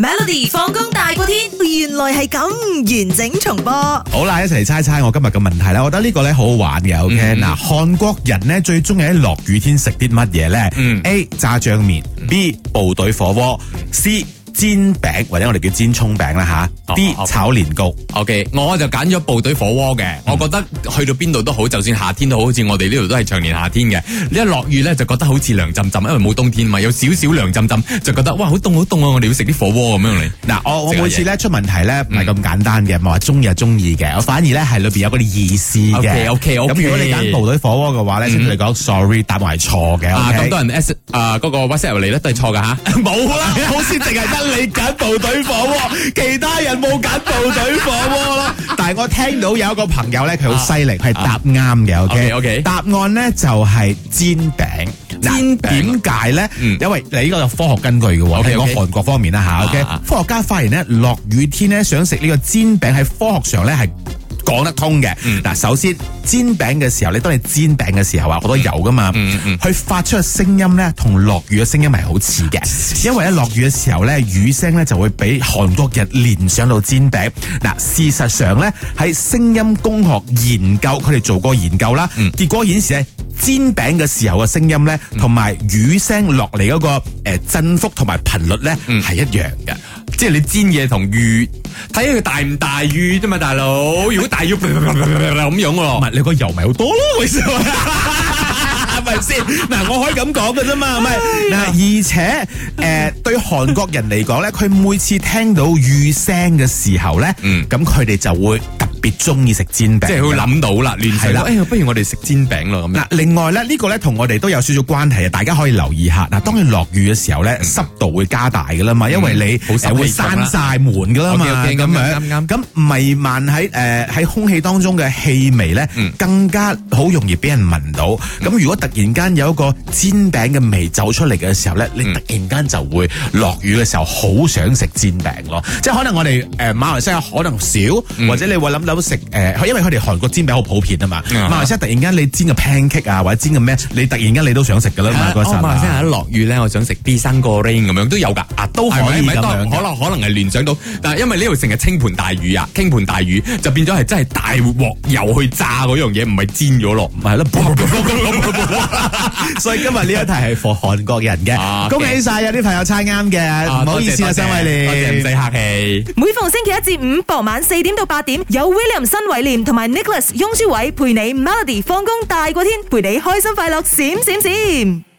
Melody 放工大過天，原來係咁完整重播。好啦，一齊猜猜我今日嘅問題啦！我覺得呢個咧好好玩嘅，OK 嗱、嗯，韓國人咧最中意喺落雨天食啲乜嘢咧？A 炸醬麵，B 部隊火鍋，C。煎餅或者我哋叫煎蔥餅啦吓，啲、oh, okay. 炒年糕。O、okay, K，我就揀咗部隊火鍋嘅，mm. 我覺得去到邊度都好，就算夏天都好，好似我哋呢度都係長年夏天嘅。你一落雨咧，就覺得好似涼浸浸，因為冇冬天嘛，有少少涼浸浸，就覺得哇，好凍好凍啊！我哋要食啲火鍋咁、mm. 樣嚟。嗱，我我每次咧出問題咧唔係咁簡單嘅，唔係話中意就中意嘅，我反而咧係裏邊有嗰啲意思嘅。O K O K O K。咁如果你揀部隊火鍋嘅話咧，mm. 你講，sorry，答埋係錯嘅。咁、okay? 啊、多人 S、呃那個、啊，嗰個 WhatsApp 嚟咧都係錯噶吓，冇啦，好似淨係得。你揀部隊火鍋，其他人冇揀部隊火鍋咯。但係我聽到有一個朋友咧，佢好犀利，係、啊、答啱嘅。O K O K，答案咧就係煎餅。煎餅點解咧？因為你呢個有科學根據嘅。譬如講韓國方面啦吓。O、okay? K，、啊、科學家發現咧，落雨天咧想食呢個煎餅，喺科學上咧係講得通嘅，嗱、嗯，首先煎餅嘅時候咧，你當你煎餅嘅時候啊，好多油噶嘛，佢、嗯嗯、發出嘅聲音咧，同落雨嘅聲音係好似嘅，因為喺落雨嘅時候咧，雨聲咧就會俾韓國人聯想到煎餅。嗱，事實上咧喺聲音工學研究，佢哋做過研究啦、嗯，結果顯示咧煎餅嘅時候嘅聲音咧，同埋雨聲落嚟嗰個誒振幅同埋頻率咧係一樣嘅、嗯，即係你煎嘢同雨。睇下佢大唔大雨啫嘛，大佬、like。如果大雨咁樣喎，唔係你個油咪好多咯，係咪先？嗱，我可以咁講嘅啫嘛，係咪？嗱，而且誒、 呃，對韓國人嚟講咧，佢每次聽到雨聲嘅時候咧，嗯，咁佢哋就會別中意食煎餅，即係佢諗到啦，亂水啦，不如我哋食煎餅咯咁。嗱，另外咧，呢、呢個咧同我哋都有少少關係啊！大家可以留意下嗱，當然落雨嘅時候咧，濕、嗯、度會加大噶啦嘛，因為你誒會閂晒門噶啦嘛，咁、啊啊啊 okay, okay, 樣咁迷漫喺誒喺空氣當中嘅氣味咧、嗯，更加好容易俾人聞到。咁、嗯、如果突然間有一個煎餅嘅味走出嚟嘅時候咧、嗯，你突然間就會落雨嘅時候好想食煎餅咯、嗯，即係可能我哋誒、呃、馬來西亞可能少、嗯，或者你會諗。有食誒，因為佢哋韓國煎餅好普遍啊嘛，uh-huh. 馬來西亞突然間你煎個 pancake 啊，或者煎個咩，你突然間你都想食噶啦，馬、uh-huh. 陣、啊。馬來西亞，一落雨咧，我想食 B 生個 ring 咁樣都有㗎。都可以咁樣，可能可能係聯想到，但係因為呢度成日傾盆大雨啊，傾盆大雨就變咗係真係大鑊油去炸嗰樣嘢，唔係煎咗咯，唔係咯。 所以今日呢一題係放韓國人嘅、啊，恭喜晒！有、啊、啲、okay、朋友猜啱嘅，唔、啊、好意思啊，申偉廉，唔使客氣。每逢星期一至五傍晚四點到八點，有 William 新偉廉同埋 Nicholas 雍舒偉陪你 Melody 放工大過天，陪你開心快樂閃閃閃閃。